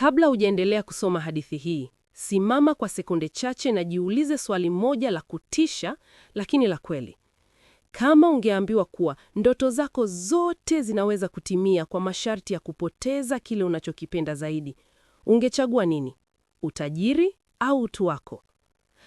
Kabla hujaendelea kusoma hadithi hii, simama kwa sekunde chache na jiulize swali moja la kutisha lakini la kweli. Kama ungeambiwa kuwa ndoto zako zote zinaweza kutimia kwa masharti ya kupoteza kile unachokipenda zaidi, ungechagua nini? Utajiri au utu wako?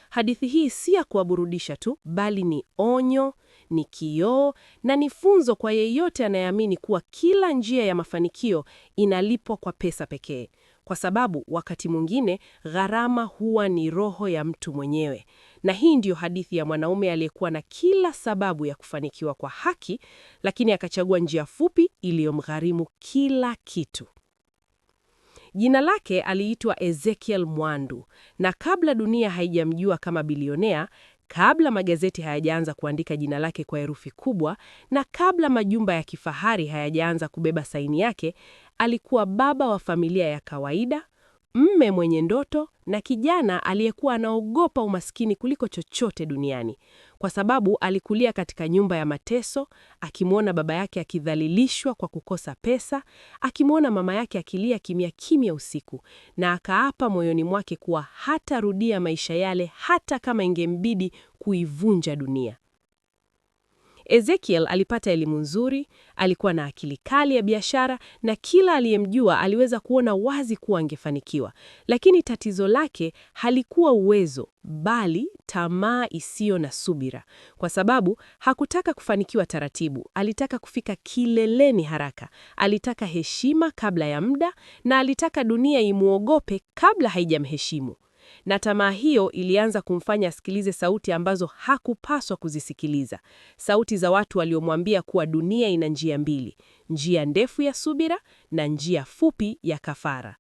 Hadithi hii si ya kuwaburudisha tu, bali ni onyo, ni kioo na ni funzo kwa yeyote anayeamini kuwa kila njia ya mafanikio inalipwa kwa pesa pekee kwa sababu wakati mwingine gharama huwa ni roho ya mtu mwenyewe. Na hii ndiyo hadithi ya mwanaume aliyekuwa na kila sababu ya kufanikiwa kwa haki, lakini akachagua njia fupi iliyomgharimu kila kitu. Jina lake aliitwa Ezekiel Mwandu, na kabla dunia haijamjua kama bilionea, kabla magazeti hayajaanza kuandika jina lake kwa herufi kubwa na kabla majumba ya kifahari hayajaanza kubeba saini yake, alikuwa baba wa familia ya kawaida, mme mwenye ndoto na kijana aliyekuwa anaogopa umaskini kuliko chochote duniani kwa sababu alikulia katika nyumba ya mateso, akimwona baba yake akidhalilishwa kwa kukosa pesa, akimwona mama yake akilia kimya kimya usiku, na akaapa moyoni mwake kuwa hatarudia maisha yale hata kama ingembidi kuivunja dunia. Ezekiel alipata elimu nzuri, alikuwa na akili kali ya biashara na kila aliyemjua aliweza kuona wazi kuwa angefanikiwa. Lakini tatizo lake halikuwa uwezo, bali tamaa isiyo na subira, kwa sababu hakutaka kufanikiwa taratibu. Alitaka kufika kileleni haraka, alitaka heshima kabla ya muda, na alitaka dunia imwogope kabla haijamheshimu na tamaa hiyo ilianza kumfanya asikilize sauti ambazo hakupaswa kuzisikiliza, sauti za watu waliomwambia kuwa dunia ina njia mbili, njia ndefu ya subira na njia fupi ya kafara.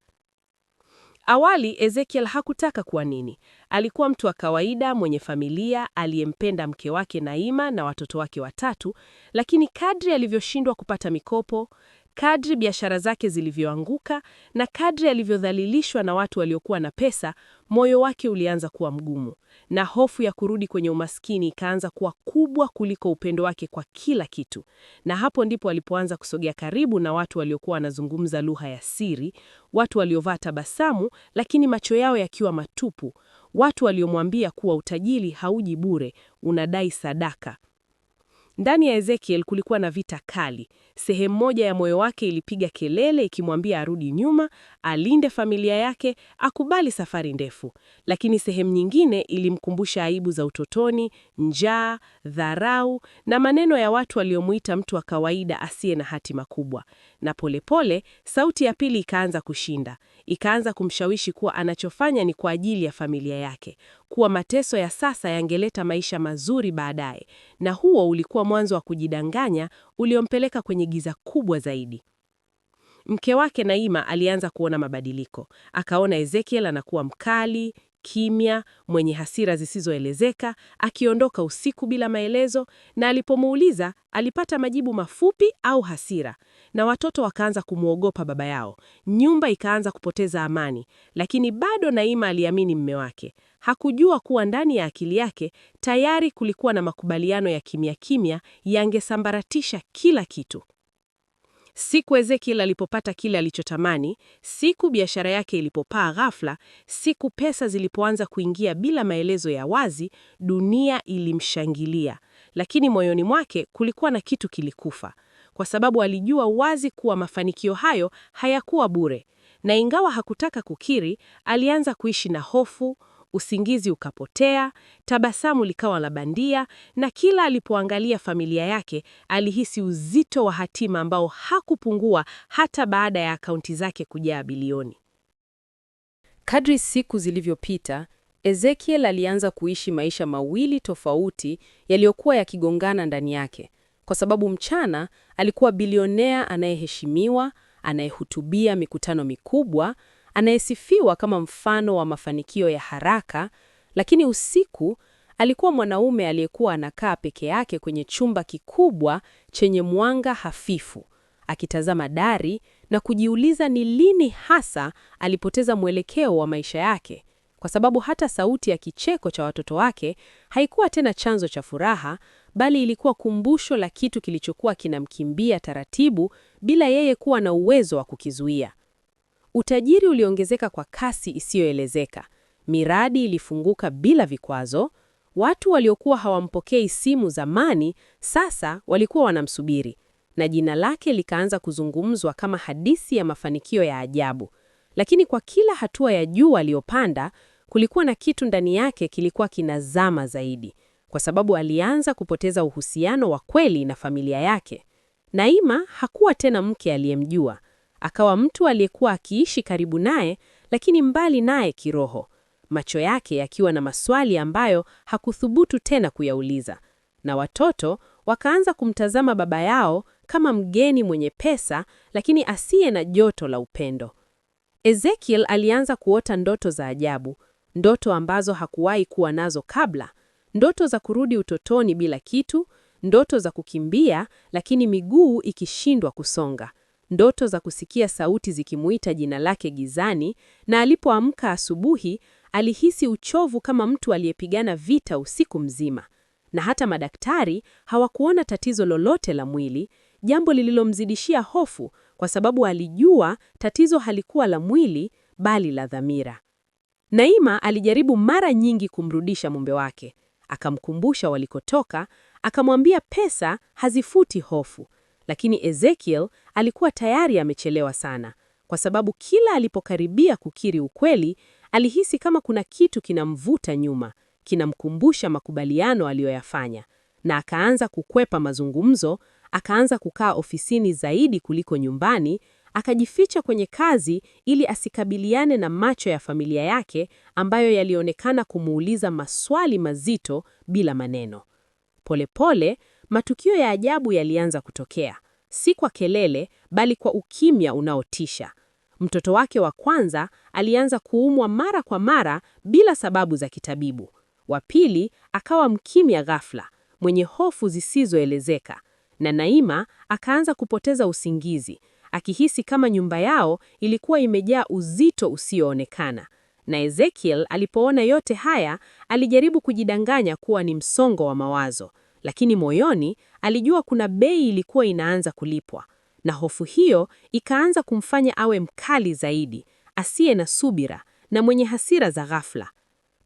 Awali Ezekiel hakutaka kuamini. Alikuwa mtu wa kawaida mwenye familia aliyempenda mke wake Naima na watoto wake watatu, lakini kadri alivyoshindwa kupata mikopo, kadri biashara zake zilivyoanguka na kadri alivyodhalilishwa na watu waliokuwa na pesa, moyo wake ulianza kuwa mgumu na hofu ya kurudi kwenye umaskini ikaanza kuwa kubwa kuliko upendo wake kwa kila kitu. Na hapo ndipo alipoanza kusogea karibu na watu waliokuwa wanazungumza lugha ya siri, watu waliovaa tabasamu lakini macho yao yakiwa matupu, watu waliomwambia kuwa utajiri hauji bure, unadai sadaka. Ndani ya Ezekiel kulikuwa na vita kali. Sehemu moja ya moyo wake ilipiga kelele ikimwambia arudi nyuma, alinde familia yake, akubali safari ndefu, lakini sehemu nyingine ilimkumbusha aibu za utotoni, njaa, dharau na maneno ya watu waliomuita mtu wa kawaida asiye na hatima kubwa. Na polepole pole, sauti ya pili ikaanza kushinda, ikaanza kumshawishi kuwa anachofanya ni kwa ajili ya familia yake kuwa mateso ya sasa yangeleta maisha mazuri baadaye, na huo ulikuwa mwanzo wa kujidanganya uliompeleka kwenye giza kubwa zaidi. Mke wake Naima alianza kuona mabadiliko. Akaona Ezekiel anakuwa mkali, kimya, mwenye hasira zisizoelezeka, akiondoka usiku bila maelezo, na alipomuuliza alipata majibu mafupi au hasira, na watoto wakaanza kumwogopa baba yao. Nyumba ikaanza kupoteza amani, lakini bado Naima aliamini mme wake. Hakujua kuwa ndani ya akili yake tayari kulikuwa na makubaliano ya kimya kimya yangesambaratisha kila kitu. Siku Ezekiel alipopata kile alichotamani, siku biashara yake ilipopaa ghafla, siku pesa zilipoanza kuingia bila maelezo ya wazi, dunia ilimshangilia. Lakini moyoni mwake kulikuwa na kitu kilikufa, kwa sababu alijua wazi kuwa mafanikio hayo hayakuwa bure. Na ingawa hakutaka kukiri, alianza kuishi na hofu, usingizi ukapotea, tabasamu likawa la bandia, na kila alipoangalia familia yake alihisi uzito wa hatima ambao hakupungua hata baada ya akaunti zake kujaa bilioni. Kadri siku zilivyopita, Ezekiel alianza kuishi maisha mawili tofauti yaliyokuwa yakigongana ndani yake, kwa sababu mchana alikuwa bilionea anayeheshimiwa, anayehutubia mikutano mikubwa anayesifiwa kama mfano wa mafanikio ya haraka, lakini usiku alikuwa mwanaume aliyekuwa anakaa peke yake kwenye chumba kikubwa chenye mwanga hafifu, akitazama dari na kujiuliza ni lini hasa alipoteza mwelekeo wa maisha yake, kwa sababu hata sauti ya kicheko cha watoto wake haikuwa tena chanzo cha furaha, bali ilikuwa kumbusho la kitu kilichokuwa kinamkimbia taratibu bila yeye kuwa na uwezo wa kukizuia. Utajiri uliongezeka kwa kasi isiyoelezeka. Miradi ilifunguka bila vikwazo. Watu waliokuwa hawampokei simu zamani sasa walikuwa wanamsubiri, na jina lake likaanza kuzungumzwa kama hadithi ya mafanikio ya ajabu. Lakini kwa kila hatua ya juu aliyopanda, kulikuwa na kitu ndani yake kilikuwa kinazama zaidi, kwa sababu alianza kupoteza uhusiano wa kweli na familia yake. Naima hakuwa tena mke aliyemjua akawa mtu aliyekuwa akiishi karibu naye, lakini mbali naye kiroho, macho yake yakiwa na maswali ambayo hakuthubutu tena kuyauliza. Na watoto wakaanza kumtazama baba yao kama mgeni mwenye pesa, lakini asiye na joto la upendo. Ezekiel alianza kuota ndoto za ajabu, ndoto ambazo hakuwahi kuwa nazo kabla, ndoto za kurudi utotoni bila kitu, ndoto za kukimbia lakini miguu ikishindwa kusonga ndoto za kusikia sauti zikimuita jina lake gizani, na alipoamka asubuhi alihisi uchovu kama mtu aliyepigana vita usiku mzima, na hata madaktari hawakuona tatizo lolote la mwili, jambo lililomzidishia hofu, kwa sababu alijua tatizo halikuwa la mwili bali la dhamira. Naima alijaribu mara nyingi kumrudisha mume wake, akamkumbusha walikotoka, akamwambia pesa hazifuti hofu, lakini Ezekiel alikuwa tayari amechelewa sana, kwa sababu kila alipokaribia kukiri ukweli, alihisi kama kuna kitu kinamvuta nyuma, kinamkumbusha makubaliano aliyoyafanya, na akaanza kukwepa mazungumzo, akaanza kukaa ofisini zaidi kuliko nyumbani, akajificha kwenye kazi ili asikabiliane na macho ya familia yake ambayo yalionekana kumuuliza maswali mazito bila maneno. Polepole pole, Matukio ya ajabu yalianza kutokea, si kwa kelele, bali kwa ukimya unaotisha. Mtoto wake wa kwanza alianza kuumwa mara kwa mara bila sababu za kitabibu. Wa pili akawa mkimya ghafla, mwenye hofu zisizoelezeka, na Naima akaanza kupoteza usingizi, akihisi kama nyumba yao ilikuwa imejaa uzito usioonekana. Na Ezekiel alipoona yote haya, alijaribu kujidanganya kuwa ni msongo wa mawazo, lakini moyoni alijua kuna bei ilikuwa inaanza kulipwa, na hofu hiyo ikaanza kumfanya awe mkali zaidi, asiye na subira na mwenye hasira za ghafla.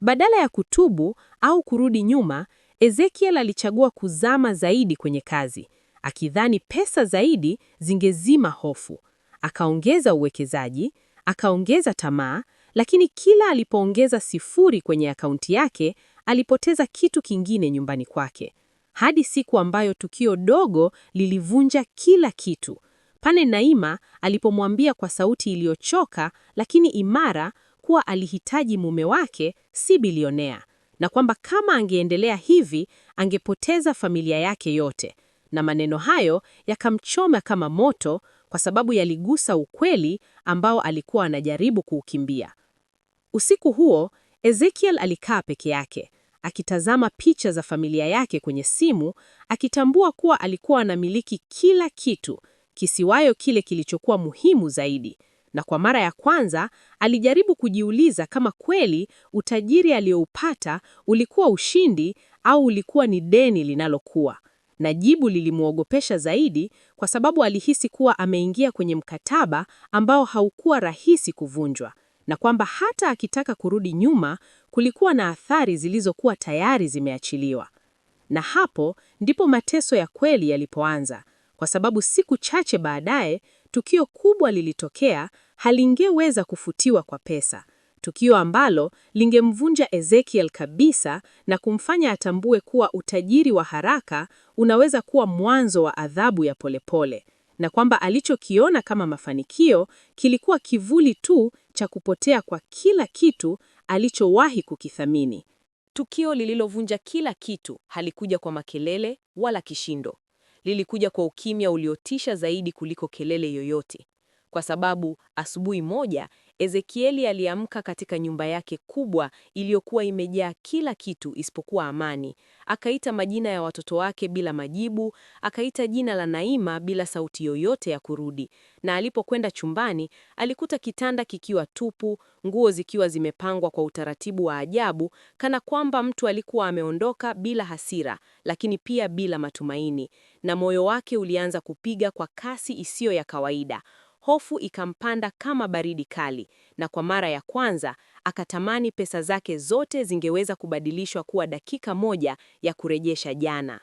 Badala ya kutubu au kurudi nyuma, Ezekiel alichagua kuzama zaidi kwenye kazi, akidhani pesa zaidi zingezima hofu. Akaongeza uwekezaji, akaongeza tamaa, lakini kila alipoongeza sifuri kwenye akaunti yake, alipoteza kitu kingine nyumbani kwake hadi siku ambayo tukio dogo lilivunja kila kitu, pale Naima alipomwambia kwa sauti iliyochoka lakini imara kuwa alihitaji mume wake, si bilionea, na kwamba kama angeendelea hivi angepoteza familia yake yote. Na maneno hayo yakamchoma kama moto, kwa sababu yaligusa ukweli ambao alikuwa anajaribu kuukimbia. Usiku huo Ezekiel alikaa peke yake akitazama picha za familia yake kwenye simu, akitambua kuwa alikuwa anamiliki kila kitu, kisiwayo kile kilichokuwa muhimu zaidi. Na kwa mara ya kwanza alijaribu kujiuliza kama kweli utajiri aliyoupata ulikuwa ushindi au ulikuwa ni deni linalokuwa. Na jibu lilimwogopesha zaidi, kwa sababu alihisi kuwa ameingia kwenye mkataba ambao haukuwa rahisi kuvunjwa na kwamba hata akitaka kurudi nyuma kulikuwa na athari zilizokuwa tayari zimeachiliwa. Na hapo ndipo mateso ya kweli yalipoanza, kwa sababu siku chache baadaye tukio kubwa lilitokea, halingeweza kufutiwa kwa pesa, tukio ambalo lingemvunja Ezekiel kabisa na kumfanya atambue kuwa utajiri wa haraka unaweza kuwa mwanzo wa adhabu ya polepole na kwamba alichokiona kama mafanikio kilikuwa kivuli tu cha kupotea kwa kila kitu alichowahi kukithamini. Tukio lililovunja kila kitu halikuja kwa makelele wala kishindo. Lilikuja kwa ukimya uliotisha zaidi kuliko kelele yoyote, kwa sababu asubuhi moja Ezekieli aliamka katika nyumba yake kubwa iliyokuwa imejaa kila kitu isipokuwa amani. Akaita majina ya watoto wake bila majibu, akaita jina la Naima bila sauti yoyote ya kurudi. Na alipokwenda chumbani, alikuta kitanda kikiwa tupu, nguo zikiwa zimepangwa kwa utaratibu wa ajabu, kana kwamba mtu alikuwa ameondoka bila hasira, lakini pia bila matumaini. Na moyo wake ulianza kupiga kwa kasi isiyo ya kawaida hofu ikampanda kama baridi kali, na kwa mara ya kwanza akatamani pesa zake zote zingeweza kubadilishwa kuwa dakika moja ya kurejesha jana.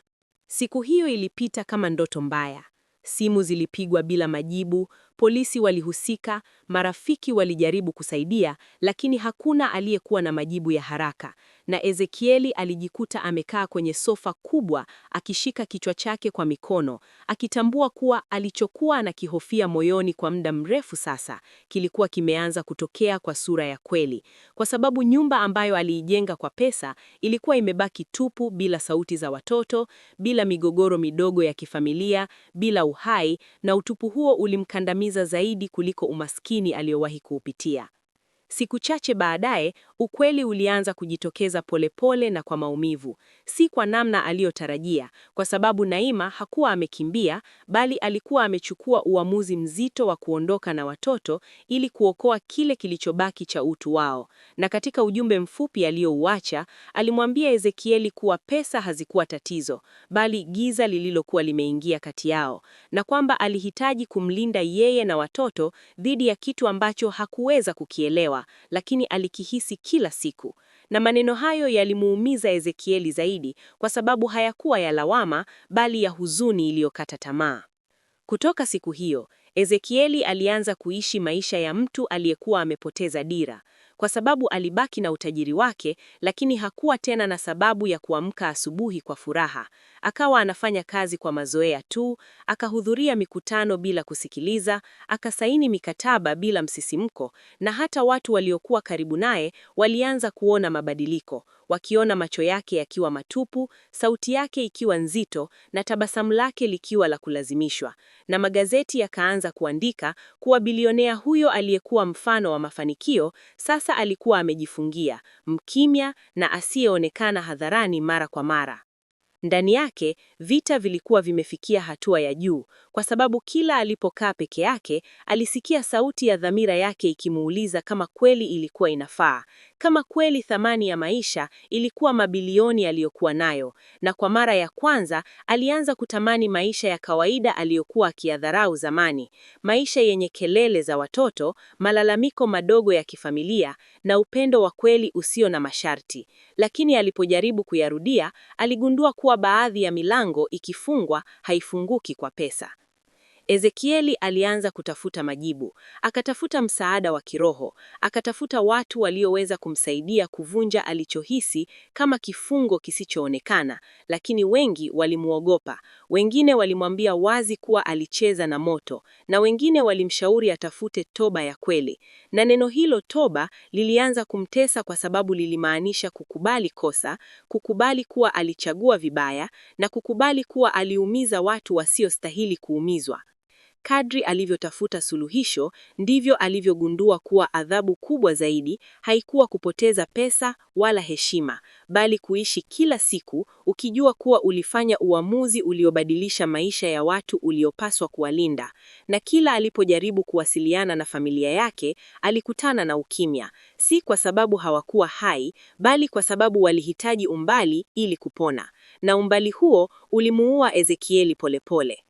Siku hiyo ilipita kama ndoto mbaya. Simu zilipigwa bila majibu, polisi walihusika, marafiki walijaribu kusaidia, lakini hakuna aliyekuwa na majibu ya haraka, na Ezekieli alijikuta amekaa kwenye sofa kubwa akishika kichwa chake kwa mikono, akitambua kuwa alichokuwa anakihofia moyoni kwa muda mrefu sasa kilikuwa kimeanza kutokea kwa sura ya kweli, kwa sababu nyumba ambayo aliijenga kwa pesa ilikuwa imebaki tupu, bila sauti za watoto, bila migogoro midogo ya kifamilia, bila uhai, na utupu huo ulimkandamiza zaidi kuliko umaskini aliyowahi kuupitia. Siku chache baadaye Ukweli ulianza kujitokeza polepole na kwa maumivu, si kwa namna aliyotarajia, kwa sababu Naima hakuwa amekimbia, bali alikuwa amechukua uamuzi mzito wa kuondoka na watoto ili kuokoa kile kilichobaki cha utu wao. Na katika ujumbe mfupi aliyouacha, alimwambia Ezekieli kuwa pesa hazikuwa tatizo, bali giza lililokuwa limeingia kati yao, na kwamba alihitaji kumlinda yeye na watoto dhidi ya kitu ambacho hakuweza kukielewa, lakini alikihisi kila siku, na maneno hayo yalimuumiza Ezekieli zaidi kwa sababu hayakuwa ya lawama bali ya huzuni iliyokata tamaa. Kutoka siku hiyo, Ezekieli alianza kuishi maisha ya mtu aliyekuwa amepoteza dira, kwa sababu alibaki na utajiri wake, lakini hakuwa tena na sababu ya kuamka asubuhi kwa furaha. Akawa anafanya kazi kwa mazoea tu, akahudhuria mikutano bila kusikiliza, akasaini mikataba bila msisimko, na hata watu waliokuwa karibu naye walianza kuona mabadiliko wakiona macho yake yakiwa matupu, sauti yake ikiwa nzito na tabasamu lake likiwa la kulazimishwa, na magazeti yakaanza kuandika kuwa bilionea huyo aliyekuwa mfano wa mafanikio sasa alikuwa amejifungia, mkimya na asiyeonekana hadharani mara kwa mara. Ndani yake vita vilikuwa vimefikia hatua ya juu, kwa sababu kila alipokaa peke yake alisikia sauti ya dhamira yake ikimuuliza kama kweli ilikuwa inafaa, kama kweli thamani ya maisha ilikuwa mabilioni aliyokuwa nayo. Na kwa mara ya kwanza alianza kutamani maisha ya kawaida aliyokuwa akiyadharau zamani, maisha yenye kelele za watoto, malalamiko madogo ya kifamilia na upendo wa kweli usio na masharti. Lakini alipojaribu kuyarudia aligundua kuwa kuwa baadhi ya milango ikifungwa haifunguki kwa pesa. Ezekieli alianza kutafuta majibu, akatafuta msaada wa kiroho, akatafuta watu walioweza kumsaidia kuvunja alichohisi kama kifungo kisichoonekana, lakini wengi walimwogopa. Wengine walimwambia wazi kuwa alicheza na moto, na wengine walimshauri atafute toba ya kweli. Na neno hilo toba lilianza kumtesa kwa sababu lilimaanisha kukubali kosa, kukubali kuwa alichagua vibaya na kukubali kuwa aliumiza watu wasiostahili kuumizwa. Kadri alivyotafuta suluhisho, ndivyo alivyogundua kuwa adhabu kubwa zaidi haikuwa kupoteza pesa wala heshima, bali kuishi kila siku ukijua kuwa ulifanya uamuzi uliobadilisha maisha ya watu uliopaswa kuwalinda. Na kila alipojaribu kuwasiliana na familia yake, alikutana na ukimya, si kwa sababu hawakuwa hai, bali kwa sababu walihitaji umbali ili kupona. Na umbali huo ulimuua Ezekieli polepole.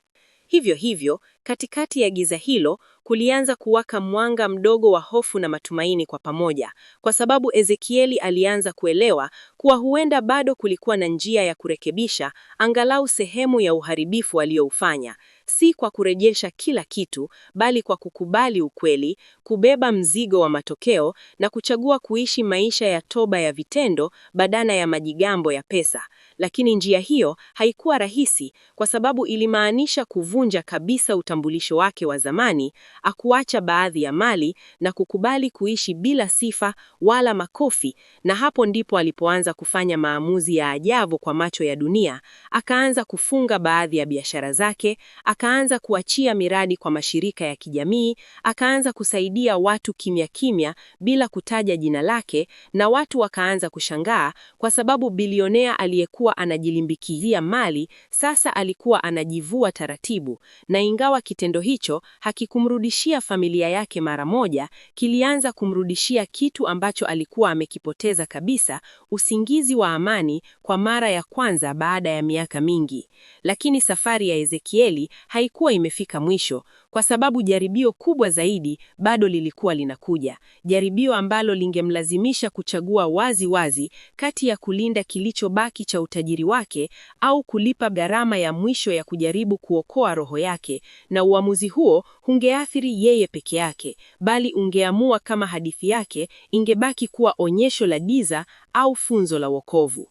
Hivyo hivyo, katikati ya giza hilo kulianza kuwaka mwanga mdogo wa hofu na matumaini kwa pamoja, kwa sababu Ezekieli alianza kuelewa kuwa huenda bado kulikuwa na njia ya kurekebisha angalau sehemu ya uharibifu aliyoufanya, si kwa kurejesha kila kitu, bali kwa kukubali ukweli, kubeba mzigo wa matokeo na kuchagua kuishi maisha ya toba ya vitendo badala ya majigambo ya pesa. Lakini njia hiyo haikuwa rahisi, kwa sababu ilimaanisha kuvunja kabisa utambulisho wake wa zamani, akuacha baadhi ya mali na kukubali kuishi bila sifa wala makofi. Na hapo ndipo alipoanza kufanya maamuzi ya ajabu kwa macho ya dunia. Akaanza kufunga baadhi ya biashara zake, akaanza kuachia miradi kwa mashirika ya kijamii, akaanza kusaidia watu kimya kimya bila kutaja jina lake, na watu wakaanza kushangaa kwa sababu bilionea aliyekuwa alikuwa anajilimbikizia mali sasa alikuwa anajivua taratibu, na ingawa kitendo hicho hakikumrudishia familia yake mara moja, kilianza kumrudishia kitu ambacho alikuwa amekipoteza kabisa, usingizi wa amani, kwa mara ya kwanza baada ya miaka mingi. Lakini safari ya Ezekieli haikuwa imefika mwisho kwa sababu jaribio kubwa zaidi bado lilikuwa linakuja, jaribio ambalo lingemlazimisha kuchagua wazi wazi kati ya kulinda kilichobaki cha utajiri wake au kulipa gharama ya mwisho ya kujaribu kuokoa roho yake, na uamuzi huo hungeathiri yeye peke yake, bali ungeamua kama hadithi yake ingebaki kuwa onyesho la giza au funzo la wokovu.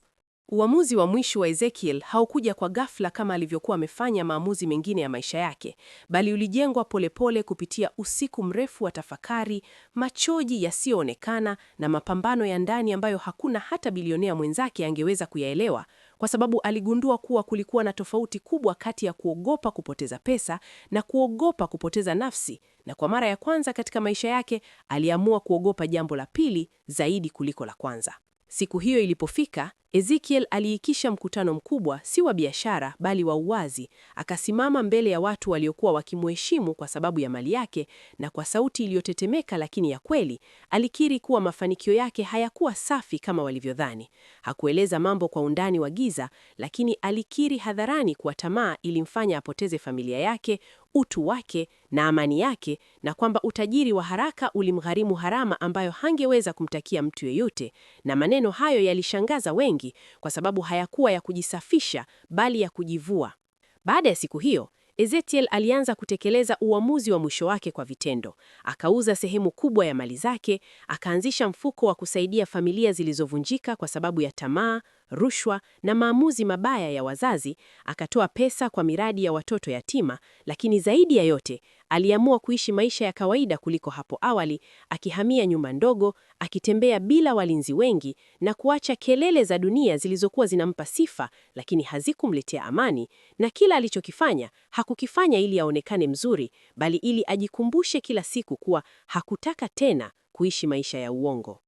Uamuzi wa mwisho wa Ezekiel haukuja kwa ghafla kama alivyokuwa amefanya maamuzi mengine ya maisha yake, bali ulijengwa polepole kupitia usiku mrefu wa tafakari, machozi yasiyoonekana na mapambano ya ndani ambayo hakuna hata bilionea mwenzake angeweza kuyaelewa, kwa sababu aligundua kuwa kulikuwa na tofauti kubwa kati ya kuogopa kupoteza pesa na kuogopa kupoteza nafsi. Na kwa mara ya kwanza katika maisha yake aliamua kuogopa jambo la pili zaidi kuliko la kwanza. Siku hiyo ilipofika Ezekiel aliikisha mkutano mkubwa, si wa biashara bali wa uwazi. Akasimama mbele ya watu waliokuwa wakimheshimu kwa sababu ya mali yake, na kwa sauti iliyotetemeka lakini ya kweli, alikiri kuwa mafanikio yake hayakuwa safi kama walivyodhani. Hakueleza mambo kwa undani wa giza, lakini alikiri hadharani kuwa tamaa ilimfanya apoteze familia yake, utu wake na amani yake, na kwamba utajiri wa haraka ulimgharimu harama ambayo hangeweza kumtakia mtu yeyote. Na maneno hayo yalishangaza wengi kwa sababu hayakuwa ya kujisafisha, bali ya kujivua. Baada ya siku hiyo Ezekiel alianza kutekeleza uamuzi wa mwisho wake kwa vitendo. Akauza sehemu kubwa ya mali zake, akaanzisha mfuko wa kusaidia familia zilizovunjika kwa sababu ya tamaa, rushwa na maamuzi mabaya ya wazazi, akatoa pesa kwa miradi ya watoto yatima, lakini zaidi ya yote aliamua kuishi maisha ya kawaida kuliko hapo awali, akihamia nyumba ndogo, akitembea bila walinzi wengi na kuacha kelele za dunia zilizokuwa zinampa sifa, lakini hazikumletea amani. Na kila alichokifanya hakukifanya ili aonekane mzuri, bali ili ajikumbushe kila siku kuwa hakutaka tena kuishi maisha ya uongo.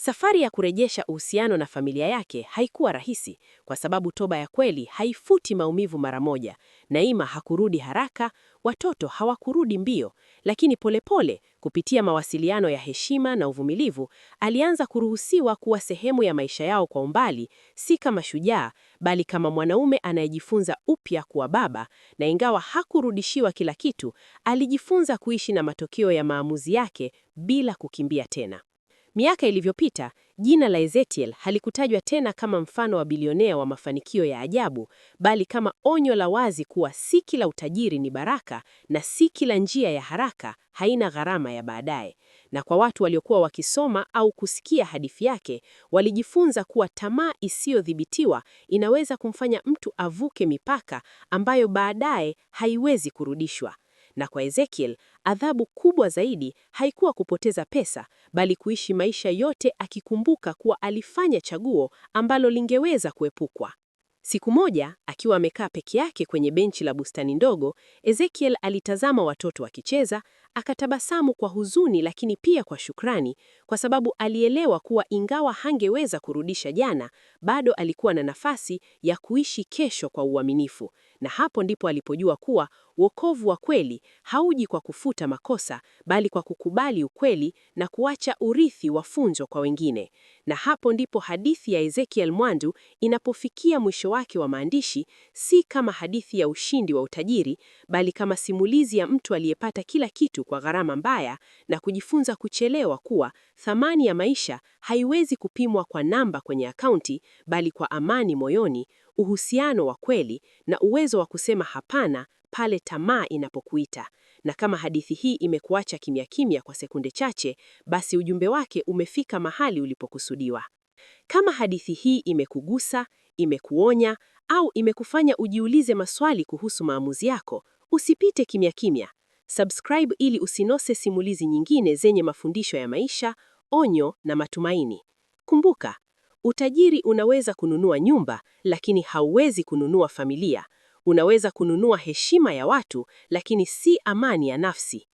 Safari ya kurejesha uhusiano na familia yake haikuwa rahisi, kwa sababu toba ya kweli haifuti maumivu mara moja. Naima hakurudi haraka, watoto hawakurudi mbio, lakini polepole pole, kupitia mawasiliano ya heshima na uvumilivu, alianza kuruhusiwa kuwa sehemu ya maisha yao kwa umbali, si kama shujaa, bali kama mwanaume anayejifunza upya kuwa baba. Na ingawa hakurudishiwa kila kitu, alijifunza kuishi na matokeo ya maamuzi yake bila kukimbia tena. Miaka ilivyopita, jina la Ezekiel halikutajwa tena kama mfano wa bilionea wa mafanikio ya ajabu, bali kama onyo la wazi kuwa si kila utajiri ni baraka na si kila njia ya haraka haina gharama ya baadaye. Na kwa watu waliokuwa wakisoma au kusikia hadithi yake, walijifunza kuwa tamaa isiyodhibitiwa inaweza kumfanya mtu avuke mipaka ambayo baadaye haiwezi kurudishwa. Na kwa Ezekiel, adhabu kubwa zaidi haikuwa kupoteza pesa, bali kuishi maisha yote akikumbuka kuwa alifanya chaguo ambalo lingeweza kuepukwa. Siku moja akiwa amekaa peke yake kwenye benchi la bustani ndogo, Ezekiel alitazama watoto wakicheza, akatabasamu kwa huzuni, lakini pia kwa shukrani, kwa sababu alielewa kuwa ingawa hangeweza kurudisha jana, bado alikuwa na nafasi ya kuishi kesho kwa uaminifu. Na hapo ndipo alipojua kuwa wokovu wa kweli hauji kwa kufuta makosa, bali kwa kukubali ukweli na kuacha urithi wa funzo kwa wengine. Na hapo ndipo hadithi ya Ezekiel Mwandu inapofikia mwisho mwisho wake wa maandishi si kama hadithi ya ushindi wa utajiri, bali kama simulizi ya mtu aliyepata kila kitu kwa gharama mbaya na kujifunza kuchelewa kuwa thamani ya maisha haiwezi kupimwa kwa namba kwenye akaunti, bali kwa amani moyoni, uhusiano wa kweli na uwezo wa kusema hapana pale tamaa inapokuita. Na kama hadithi hii imekuacha kimya kimya kwa sekunde chache, basi ujumbe wake umefika mahali ulipokusudiwa. Kama hadithi hii imekugusa, imekuonya au imekufanya ujiulize maswali kuhusu maamuzi yako, usipite kimya kimya. Subscribe ili usinose simulizi nyingine zenye mafundisho ya maisha, onyo na matumaini. Kumbuka, utajiri unaweza kununua nyumba, lakini hauwezi kununua familia. Unaweza kununua heshima ya watu, lakini si amani ya nafsi.